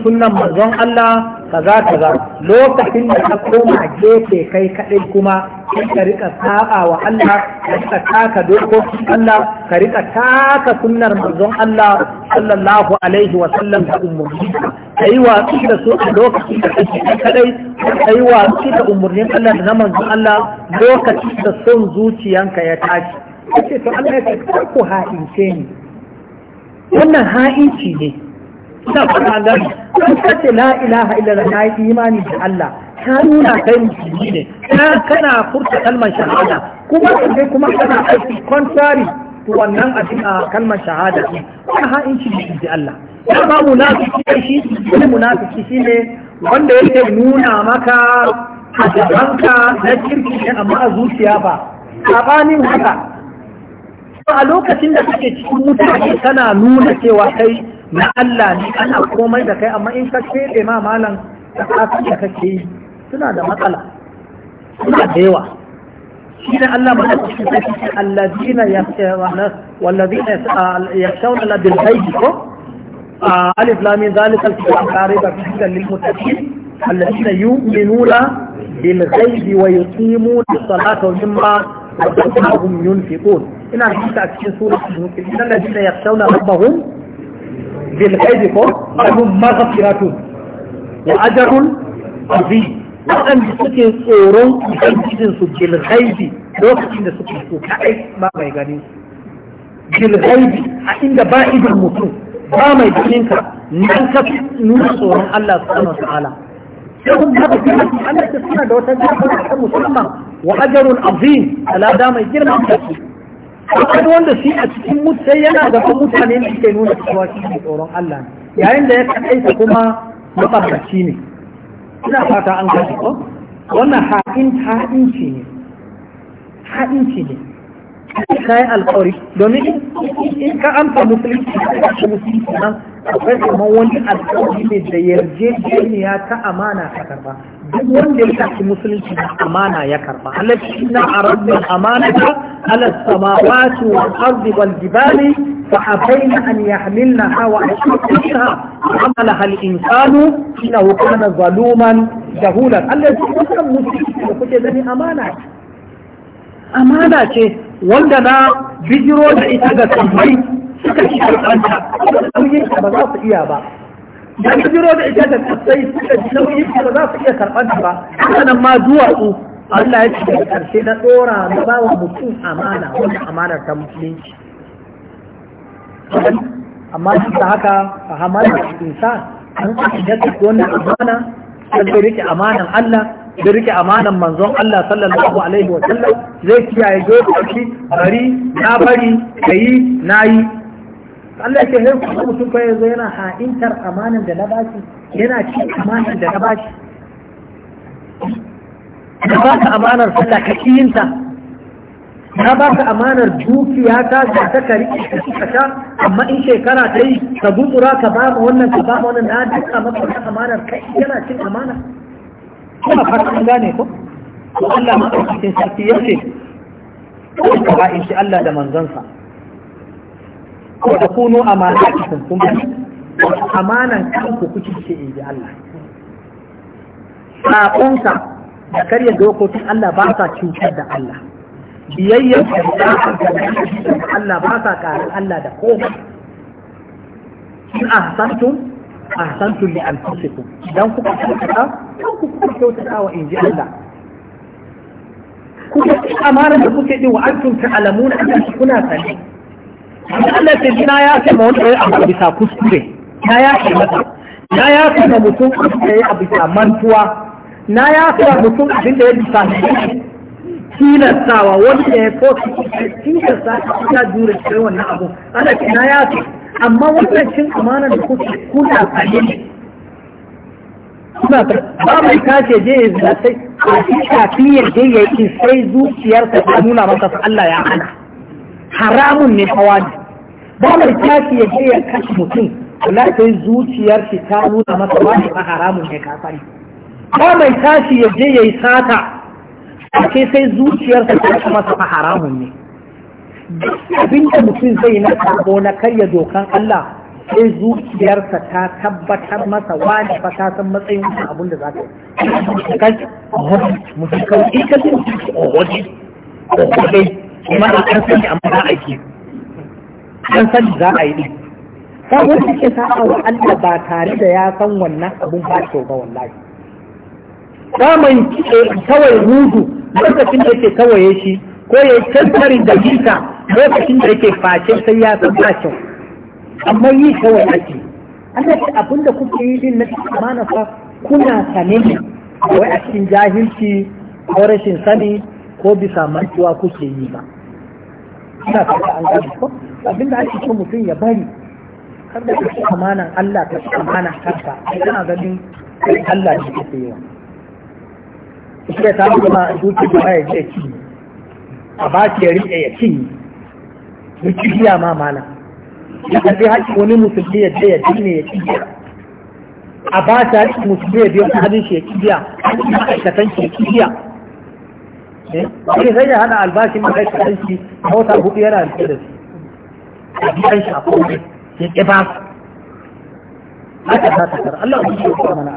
sunnan manzon Allah kaza kaza lokacin da ka koma gefe kai kadai kuma sai ka rika saba wa Allah ka rika taka dokokin Allah ka rika taka sunnar manzon Allah sallallahu alaihi wa sallam da umurni kai watsi da su a lokacin da kake kadai kai watsi da umurnin Allah da na manzon Allah lokacin da son zuciyanka ya tashi kace to Allah ya ce ku ha'ince ne wannan ha'inci ne ina fara gani kan kace la ilaha illallah na yi imani da Allah ka nuna kai musulmi ne ka kana furta kalmar shahada kuma sai kuma kana aiki contrary to wannan a kalmar shahada ne wannan ha'inci ne da Allah ya ba mu na su munafiki shi ne munafiki shi ne wanda yake nuna maka a gabanka na kirki ne amma a zuciya ba sabanin haka a lokacin da kake cikin mutane kana nuna cewa kai na Allah ne ana komai da kai amma in ka keɓe ma malam da kasan da kake yi suna da matsala suna da yawa shi ne Allah ma da cikin sai allazina yasawna wallazina na bil ghaibi ko alif lam min zalika al kitab qariba fi lil muttaqin allazina yu'minuna bil ghaibi wa yuqimuna as-salata mimma رزقناهم ينفقون إن أردت أكيد سورة المسلمين الذين يخشون ربهم بالحيد لهم مغفرة وأجر عظيم وأن يسكن سورون كي تنسوا بالغيب وقتين سكن سورة كأي ما ما يغني بالغيب عند بائد المسلم ما ما يغنينك ننكف نور سورون الله سبحانه وتعالى لهم مغفرة أن تسكن دوتا جاء مسلمة وأجر عظيم لا دام يجرم أن تسكن akwai wanda shi a cikin mutane yana gaban mutane da ke nuna cewa shi ne tsoron Allah ne yayin da ya kaɗaita kuma maɓarɓaci ne ina fata an gaji ko wannan ha'inci ne ha'inci ne ka yi alkawari domin in ka amsa musulunci da musulunci nan akwai kamar wani alkawari ne da yarjejeniya ta amana ka karba duk wanda ya tafi musulunci na amana ya karba Allah shi na arabin amanata ala samawati wal ardi wal jibali fa abaina an yahmilnaha wa ashqaha amala hal insanu ina kana zaluman jahula Allah shi wannan musulunci da kuke gani amana amana ce wanda na bijiro da ita ga sammai suka ci karɓanta nauyinta ba za su iya ba na bijiro da ita ga sassai suka ci nauyinta ba za su iya karɓanta ba hakanan ma duwatsu Allah ya ce daga ƙarshe na ɗora na ba wa mutum amana wanda amanar ta musulunci amma duk da haka a hamar da insa an kashi da wannan amana sai rike amanan Allah da rike amanan manzon Allah sallallahu alaihi wa sallam zai kiyaye dokoki bari na bari kayi nayi Allah ke haifu da mutum fa yanzu yana ha'intar amanan da na baki yana ci amanan da na baki na ba ka amanar sallah ka kiyinta na ba ka amanar dukiya ta ga ta kari ka sha amma in shekara ta yi ka gutsura ka ba mu wannan ka ba mu wannan na duka maka amanar kai yana cin amana kuma fatan gane ko to Allah madaukakin sarki yace ko ka ba in shi Allah da manzansa ko da kuno amana kun kuma amanan kanku kuke ce in ji Allah saƙonsa da karya dokokin Allah ba sa cutar da Allah biyayya da Allah ba sa karin Allah da komai in ahsantum ahsantu li anfusikum dan kuka kyautata dan kuka kyautata wa inji Allah kuka ci amana da kuke yi wa antum ta'lamuna annakum kuna sani Allah ta jina ya ce ma wanda ya abu bisa kuskure Na ya ce mata na ya ce ma mutum da ya abu bisa mantuwa na ya ce ma mutum abin da ya bisa tilastawa wanda ya so tilastawa ya jure cikin wannan abu Allah ta na ya ce amma wannan cin amana da kuke kuna tsaye ne ba mai tace je ya zina sai a shafi ya je ya yi sai zuciyarsa ta nuna masa Allah ya hana haramun ne hawa ne ba mai tace ya je ya kashe mutum kula sai zuciyar shi ta nuna masa ne ba haramun ne kafari ba mai tashi ya je ya yi sata a sai zuciyarsa ta masa ba haramun ne da mutum zai na karbo na karya dokan Allah sai zuciyarsa ta tabbatar masa wani fa ta san matsayin wannan abin da za ta yi kai mutum kawai in ka zai ohoji ohoji kuma a kan sani amma za a yi kan sani za a yi sabon da ke sa'a wa Allah ba tare da ya san wannan abin ba kyau ba wallahi daman kawai rudu lokacin da ke kawai shi ko ya yi tattarin da jika lokacin da yake face sai ya zama kyau amma yi kawai ake da ce abinda kuke yi din na amana fa kuna sane ne wai a cikin jahilci ko rashin sani ko bisa mantuwa kuke yi ba ina fata an gani ko abinda ake so mutum ya bari Kar da kuke amana Allah ta amana kanka ina ganin Allah ne kake yi wa. ta kuma dukkan da ya ce a ba ta ya riƙe ya cinye wuce biya ma mana ya karbi haƙi wani musulmi ya je ya dinne ya cinye a ba ta haƙi musulmi ya biya hannun shi ya cinye haƙƙi ma'aikatan shi ya cinye eh? sai sai ya hana albashin ma'aikatan shi a wata hudu yana rike da su a biyan shi a kowai ya ƙi ba su haka ta tara Allah ya ce ya mana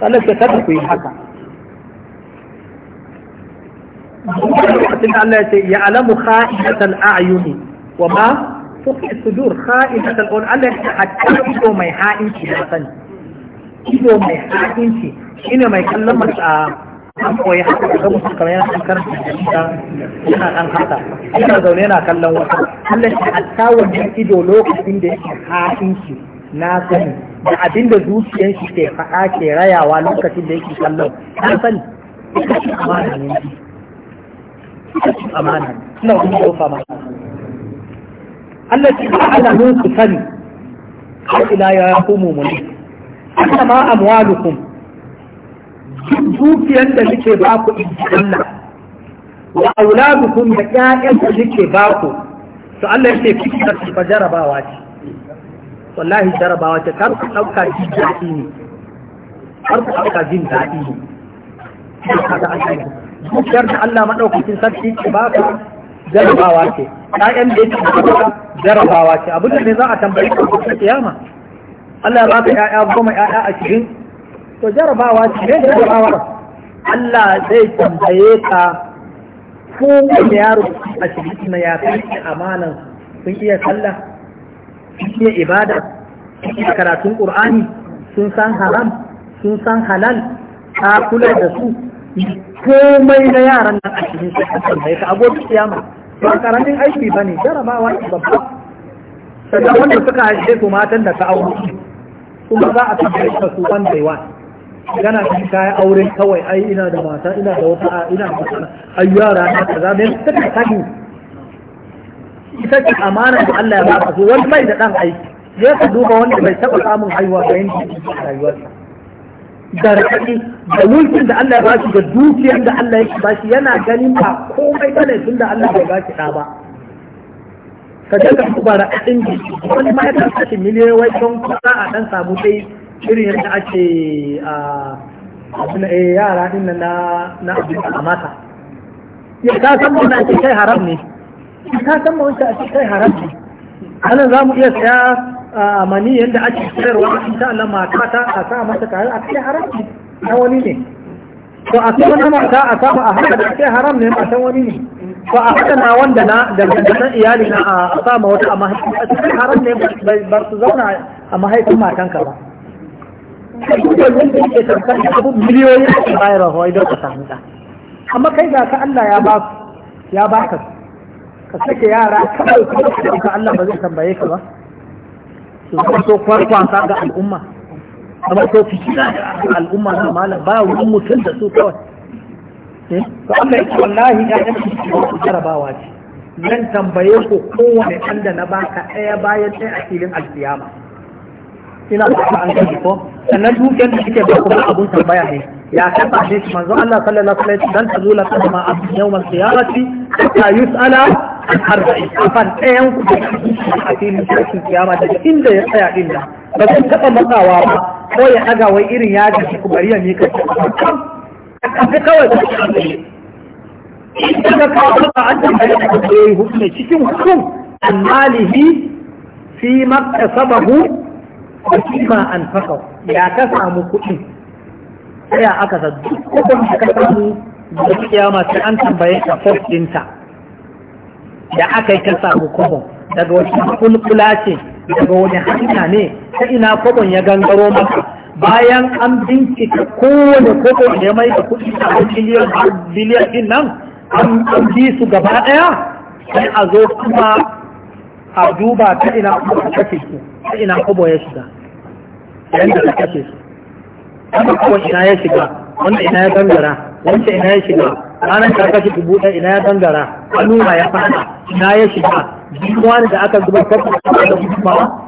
a Allah ya kada ku yi haka lokacin da Allah ya ce ya alamu kha'inatal a'yuni wa ma sudur Allah ya ce ido mai ha'inci da sani ido mai ha'inci shine mai kallon a an koyi haka da gaba kamar yana karfi da yana dan haka zaune yana kallon wata Allah shi hatta wannan ido lokacin da yake na sani da abin da zuciyar shi ke faɗa ke rayawa lokacin da yake kallon na sani ita shi amana ne amana suna wani kofa ma Allah ta ala mun ku sani har ila ya kuma mun Allah ma amwalukum dukiyar da nake ba ku in Allah wa auladukum da ƴaƴan da nake ba ku to Allah yake fitar da jarabawa ce wallahi jarabawa ce kar ku dauka jin daɗi ne kar ku dauka jin daɗi ne dukiyar da Allah maɗaukakin sarki ke ka jarabawa ce ƴaƴan da yake ka jarabawa ce abin da ne za a tambayi ka gobe kiyama Allah ya baka ƴaƴa goma ƴaƴa cikin to jarabawa ce ne jarabawa Allah zai tambaye ka ko wani yaro cikin na ya kai amanan sun iya sallah sun iya ibada sun iya karatun Qur'ani sun san haram sun san halal ta kula da su komai na yaran nan a cikin su kan da ka abokin kiyama ba karamin aiki bane, jarabawa ne babba sannan wanda suka haife su matan da ka aure kuma za a tambaye da su one by one yana kan yi auren kawai ai ina da mata ina da wata ina da wata ai yara na kaza ne suka sani ita ce amana da Allah ya baka su wani bai da dan aiki ya ka duba wanda bai taba samun haihuwa ba yin rayuwarsa da rakaki da mulkin da Allah ya bashi da dukiyar da Allah ya bashi yana ganin ba komai bane tun da Allah bai bashi da ba ka je ka ku bara ɗin wani ma ya kashe miliyoyi don kuɗa a ɗan samu dai irin yadda ake a eh, yara ɗin na na abin da mata ya ka san mun ake kai haram ne ka san mun wancan ake kai haram ne anan za mu iya saya mani yadda ake sayarwa insha Allah mata ta a sa mata kare a kai haram ne na wani ne to a sai wani mata a samu a haka da ke haram ne mata wani ne to a haka na wanda na da na iyali na a sama wata a mahaifin a haram ne ba su zauna a mahaifin matan ka ba sai kuma wanda ke tamkar abu miliyoyi a cikin bayar hawai don ka samu da amma kai ga ka Allah ya ba ya ba ka ka sake yara kawai ka Allah ba zai tambaye ka ba su zama so kwarkwasa ga al'umma amma ko fitina da al'umma na malam ba wani mutum da su kawai eh? to Allah ya wallahi ya ɗan jarabawa ce zan tambaye ku kowane ɗan da na baka ɗaya bayan ɗaya a filin alkiyama ina ba ka an gaji ko sannan dukiyar da kike ba kuma abun tambaya ne ya kafa ne shi manzo Allah sallallahu alaihi wasallam dan tazula kadama abdu yawm al-qiyamati ta yus'ala an arba'i kafan ɗayan ku da a filin kiyama da inda ya tsaya din da ba zan taɓa matsawa ba ko ya daga wai irin ya ga ku bari ya mika shi a kafi kawai ka shi ne ka ka ka an tambaye ka da yayi hukunci cikin hukum annalihi fi maktasabahu wa kima anfaqahu ya ka samu kuɗin sai aka sa duk kuɗin da ka samu da kiyama sai an tambaye ka fos ɗinta da aka yi ka samu kuɗin daga wani kulkula ce daga wani hanya ne ta ina kwabon ya gangaro maka bayan an bincika kowane kwabo da ya mai da kuɗi a biliyan biliyan din nan an bi su gaba ɗaya sai a zo kuma a duba ta ina kwabo ya kashe su ta ina kwabo ya shiga yadda ta kashe su kuma kwabon ina ya shiga wanda ina ya gangara wanda ina ya shiga ranar karka aka ci dubu ɗaya ina ya gangara nuna ya fada ina ya shiga jikin wani da aka zubar kwakwata da kusurmawa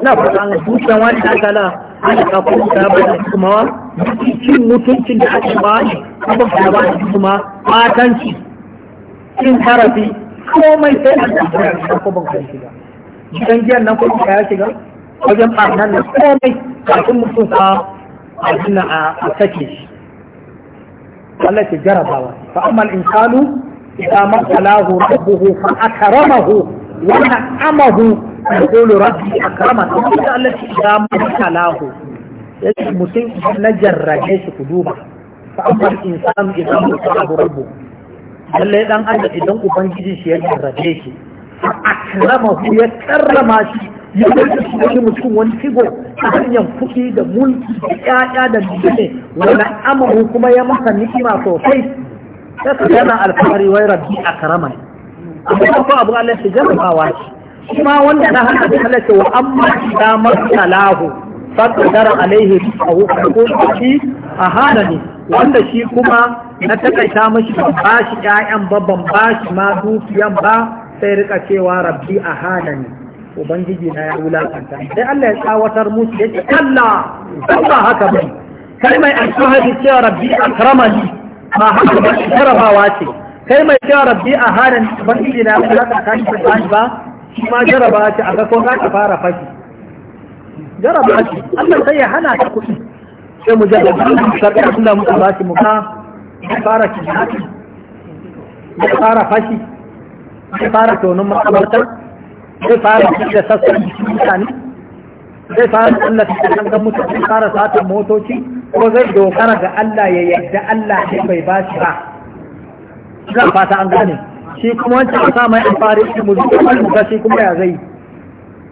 ina fata an dukkan wani da aka la ana kafin da ba da wa cin mutuncin da aka ba ne abin da ba da kuma fatanci cin karafi komai sai an da ko ban kuma shiga jikin giyan nan kuma ya shiga wajen ɓarnar nan komai kafin mutum ka a a sake shi Allah ke jarabawa fa amma insanu idza masalahu rabbuhu fa akramahu wa na'amahu yaqulu rabbi akramani ita Allah ke idza masalahu yace mutum na jarrabe shi ku duba fa amma insanu idza masalahu rabbuhu lallai dan Allah idan ubangiji shi ya jarrabe shi fa ya karrama shi ya ɗauki shi wani mutum wani figo a hanyar kuɗi da mulki da ƴaƴa da mutane wani amuru kuma ya masa ni'ima sosai sai ka yana alfahari wai rabbi a karama abu da ko abu Allah ya jarrabawa shi kuma wanda na hana da Allah wa amma da masalahu faqadar alaihi aw ko shi a halani wanda shi kuma na takaita mashi ba shi ƴaƴan babban ba shi ma dukiyan ba sai rika cewa rabbi a halani ubangiji na ya wulakanta sai Allah ya tsawatar musu ya ce Allah ba haka bai kai mai alfahari cewa rabbi akramani ba haka ba jarabawa ce kai mai cewa rabbi a harin ubangiji na ya wulakanta shi ba ba shi ma jaraba ce a ga ko za ka fara fashi jaraba ce Allah sai ya hana ta kuɗi sai mu jaraba sai Allah mu ba shi mu ka fara kiyaki ya fara fashi ya fara tonon makabartar zai fara da sassan mutane zai fara tsallata da mutane fara satin motoci ko zai dogara ga Allah ya yadda Allah ne bai ba shi ba zan fata an gane shi kuma wancan a sa mai amfani shi mu zuwa ga shi kuma ya zai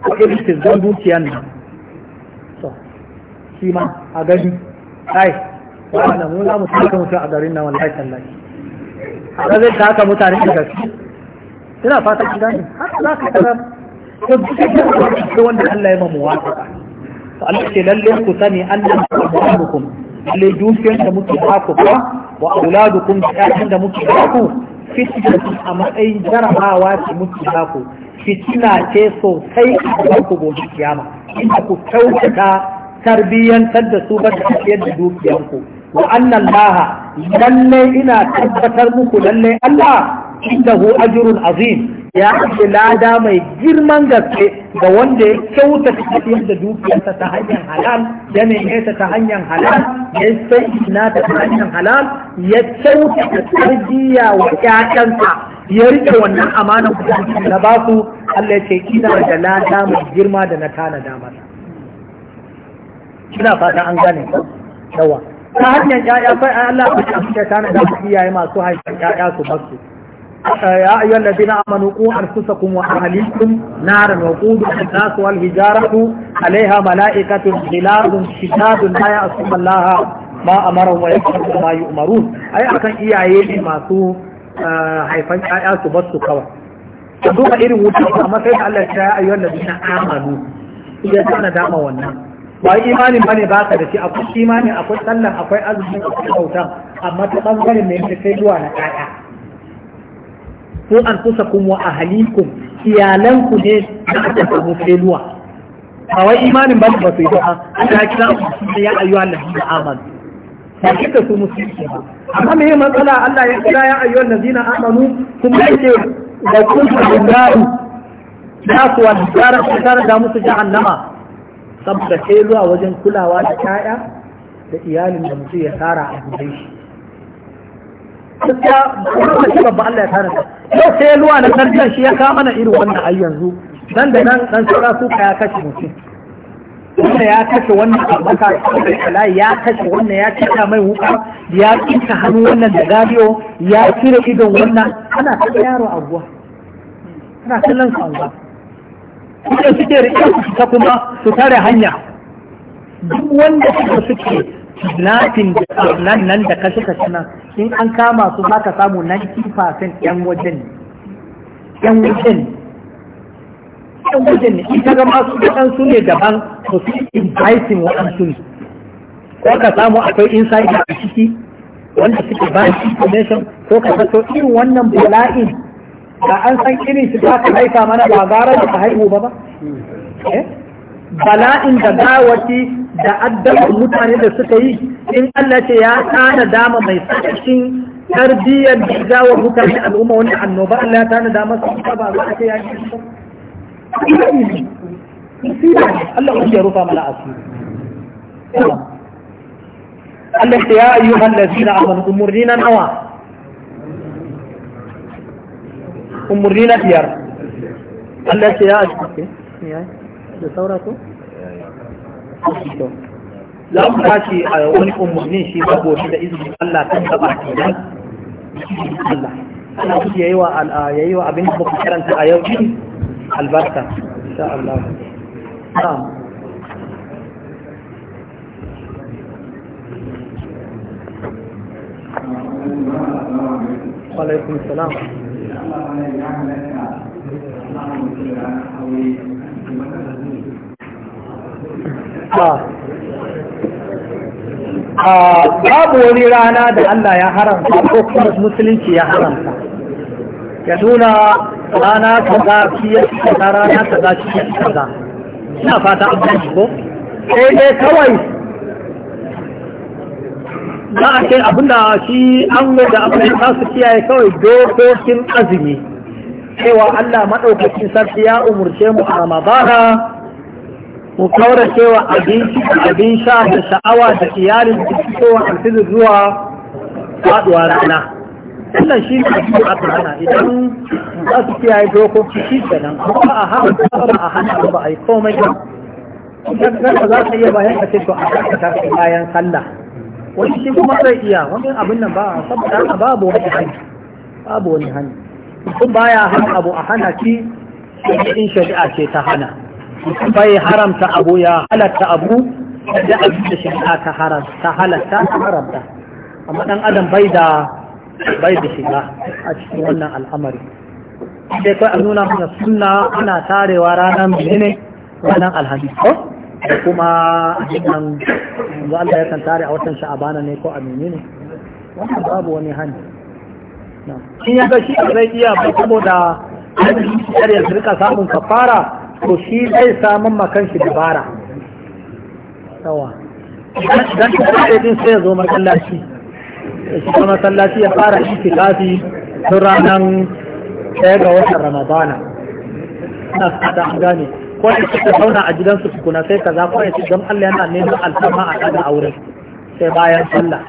ko irin zan dukiyan nan so shi ma a gani ai wannan mu za mu saka mutu a garin nan wallahi tallahi haka zai taka mutane da gaske ina fata shi gani haka za ka tarar to wanda Allah ya ma muwafaqa to Allah ce lalle ku sani annan ya muwafaqukum lalle dukiyar da muke ba ku ba wa auladukum da da muke ba ku fitina a matsayin jarabawa ce muke ba ku fitina ce sosai a ku gobe kiyama inda ku kyautata tarbiyyantar da su ba ta tafiyar da dukiyanku wa annan laha lallai ina tabbatar muku lallai Allah indahu ajrun azim ya haɗe lada mai girman gaske ga wanda ya kyauta tafiyar da dukiyarsa ta hanyar halal ya neme ta ta hanyar halal ya san ina ta ta hanyar halal ya kyauta ta tarbiyya wa ƴaƴansa ya rike wannan amana kuma na ba su Allah ya ce ina da lada mai girma da na tanada damar kina fata an gane yawa ta hanyar ƴaƴa sai Allah ya ce ta da iyaye masu haifar ƴaƴa su basu يا أيها الذين آمنوا قوا أنفسكم وأهليكم نارا وقودها الناس والحجارة عليها ملائكة غلاظ شداد لا يعصون الله ما أمرهم ويفعلون ما يؤمرون أي أكن إيايين ما سو haifan ƴaƴa su bar kawai ka duba irin wuta a matsayin Allah ta ya ayyuan ladina amanu ya tana dama wannan ba imanin bane ba ka da shi akwai imanin akwai sallan akwai azumi akwai kautan amma ta bangaren ne ta zuwa na ƴaƴa ko an kusa kuma a halikun iyalanku ne da aka samu feluwa A wai imanin ba ba su yi ba a ta kira su ya Allah da aman ba kika su musulmi ba amma me matsala Allah ya kira ya ayyuwa lazina amanu kuma yake da kuntum naru da su wa tsara tsara da musu jahannama saboda feluwa wajen kulawa da kaya da iyalin da mutum ya tsara a gidan shi gaskiya wannan shi babba Allah ya tare ta yau sai na shi ya kawo mana irin wannan ai yanzu nan da nan dan su ya kashe mutum wanda ya kashe wannan a maka ya kashe wannan ya cika mai wuka ya kinka hannu wannan da gariyo ya cire idon wannan ana ta yaro abuwa ana kallon su abuwa kuma suke riƙe su ta kuma su tare hanya duk wanda suka suke kidnapping nan nan da kashe kashe nan in an kama su za ka samu 90% yan wajen yan wajen yan wajen ne in ka ga masu su ne daban to su inviting waɗansu ne ko ka samu akwai inside a ciki wanda suke ba information ko ka zato irin wannan bala'in da an san irin shi za ka haifa mana ba gara da ka haihu ba ba eh? bala'in da gawaki da addabar mutane da suka yi in Allah ce ya tana dama mai sakacin tarbiyyar da zawo mutane al'umma wani annoba Allah ya tana dama su ita ba za a ce ya yi Allah ya rufa mana asiri Allah ya ayyuhan lazina amanu umurni na nawa umurni na biyar Allah ya ayyuhan lazina amanu da saura ko za mu tashi a wani umarni shi ba gobe da izinin Allah kan gaba kenan Allah ana su yayi wa yayi wa abin da muka karanta a yau din albarka insha Allah na'am alaikum salam babu wani rana da Allah ya haramta ko kuma musulunci ya haramta ya nuna rana ta za ya yadda, rana ta za ya yadda. ina fata a gani ko sai dai kawai za a ce abinda shi an da abin da su kiyaye kawai dokokin azumi cewa Allah maɗaukacin sarki ya umurce mu a Ramadana Mu kaurace cewa abinci abin sha da sha'awa da iyalin da a cikin zuwa faduwa rana wannan shi ne abin aka hana idan za su kiyaye dokoki shi nan kuma a haka ba a hana ba a yi komai ba kanka za ka iya bayan ka ce to a kanka ta fi bayan sallah wani shi kuma zai iya wani abin nan ba saboda haka babu wani hanyar babu wani hanyar Kun baya hana abu a hana shi in shari'a ce ta hana bai haramta abu ya halatta abu da abin da shari'a ta haramta halatta ta haramta amma dan adam bai da bai da shiga a cikin wannan al'amari sai kai an nuna mana sunna ana tarewa ranar menene ranar alhamis ko da kuma nan yanzu Allah ya kan tare a watan sha'abana ne ko a menene wannan babu wani hani in ya ga shi zai iya ba saboda yadda shi ya rika samun kafara to shi zai samun makan shi dabara yawa dan ta din sai ya zo masallaci shi kuma masallaci ya fara itikafi tun ranar ɗaya ga watan ramadana na fata an gane ko ya ce ta zauna a gidansu tukuna sai ka za ko ya ce don Allah yana neman alfama a kada aure sai bayan sallah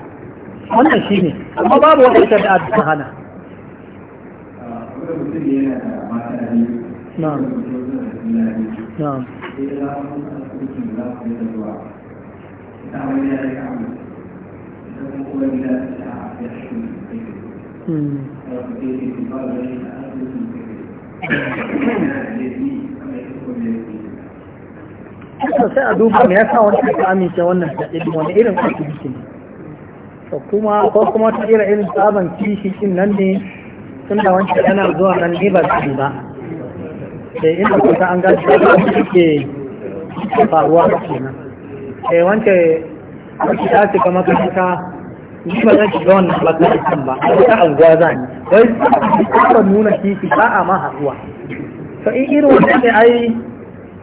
wannan shi ne amma babu wata shari'a da ta hana. نعم hmm. sai a duba me yasa wani ka amince wannan ɗin wani irin asibiti ne to kuma ko kuma ta irin irin sabon kishi din nan ne tun da wancan yana zuwa nan ne ba su ba eh inda kuka an gaji ke faruwa kenan eh wance ta ce kamar kuka ni ba zan shiga wannan makarantar ba a wata anguwa za ni wai ba nuna kifi ba a ma haɗuwa to in irin wanda ne ai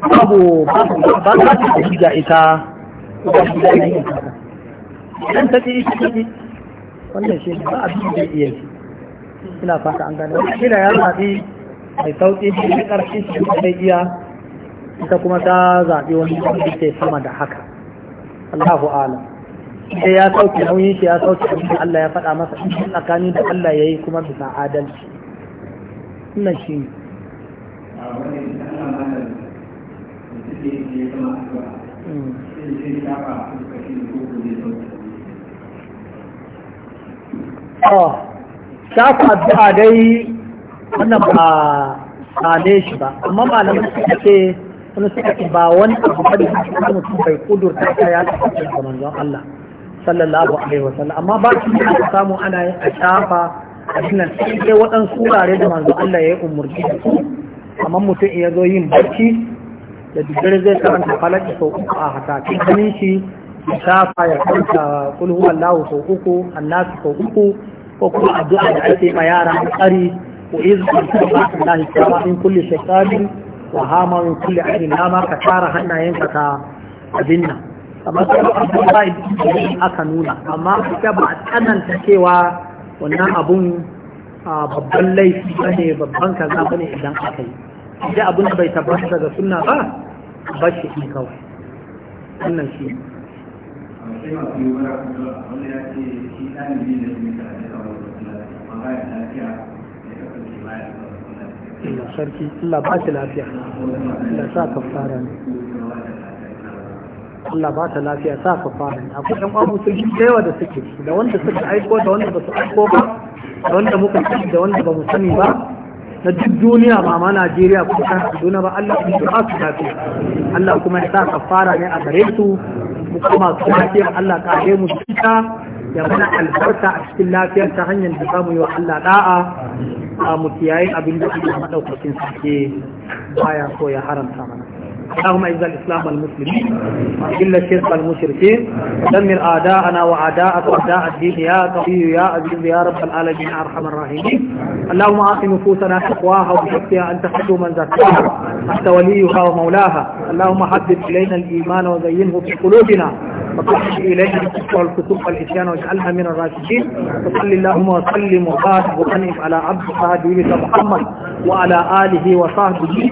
babu ba za ta tafi da ita ba su da yin kasa idan ta ce ita kifi wannan shi ba abin da iya ina fata an gane shi da ya zaɓi mai sauƙi shi ƙarfi su shi zai iya ita kuma ta zaɓi wani sauƙi ke sama da haka Allahu alam sai ya sauƙi nauyin shi ya sauƙi abin da Allah ya faɗa masa in tsakani da Allah ya yi kuma bisa adalci ina shi ne hmm. Oh, shafa addu'a dai wannan ba ne shi ba amma malamai suka ce wani suka ce ba wani abu ba da shi mutum bai kudur ta ya tafi da manzon Allah sallallahu alaihi wa sallam amma ba shi da samu ana yin a shafa a cikin sai waɗansu wurare da manzon Allah ya yi umurci da su amma mutum ya zo yin barci da daddare zai karanta falaki sau uku a hatakin ganin shi ya shafa ya kanta kulhu Allahu sau uku annasu sau uku ko kuma addu'a da ake ma yara a tsari وإذ أنتم الله السماء من كل شيطان وهاما من كل عين لما كتار هنا ينكتا أبنا amma sai ba abu ba aka nuna amma ita ba a tsananta wannan abun babban laifi ba ne babban kaza ba ne idan aka yi idan abun da bai tabbata daga sunna ba ba shi ne kawai wannan shi ne sarki Allah ba shi lafiya sa kafara ne Allah ba ta lafiya sa ka fara ne akwai ɗan abu su da yawa da suke da wanda suka aiko da wanda ba su aiko ba da wanda muka sani da wanda ba mu sani ba na duk duniya ba ma Najeriya ko ta duniya ba Allah ya ba su lafiya Allah kuma ya sa ka fara ne a gare su mu kuma su lafiya Allah ka mu fita ya mana albarka a cikin lafiyar ta hanyar da samu yi wa Allah da'a a mutiyayin abin da da madaukakin sake baya so ya haramta mana اللهم اعز الاسلام والمسلمين واذل الشرك المشركين دمر اعداءنا واعداءك واعداء الدين يا قوي يا عزيز يا رب العالمين يا ارحم الراحمين اللهم اعط نفوسنا تقواها وبحقها انت خير من زكاها انت وليها ومولاها اللهم حبب الينا الايمان وزينه في قلوبنا وطلب إليه الكفر والكتب والاتيان واجعلها من الراشدين وصل اللهم وسلم وبارك وأنعم على عبدك حبيبك محمد وعلى آله وصحبه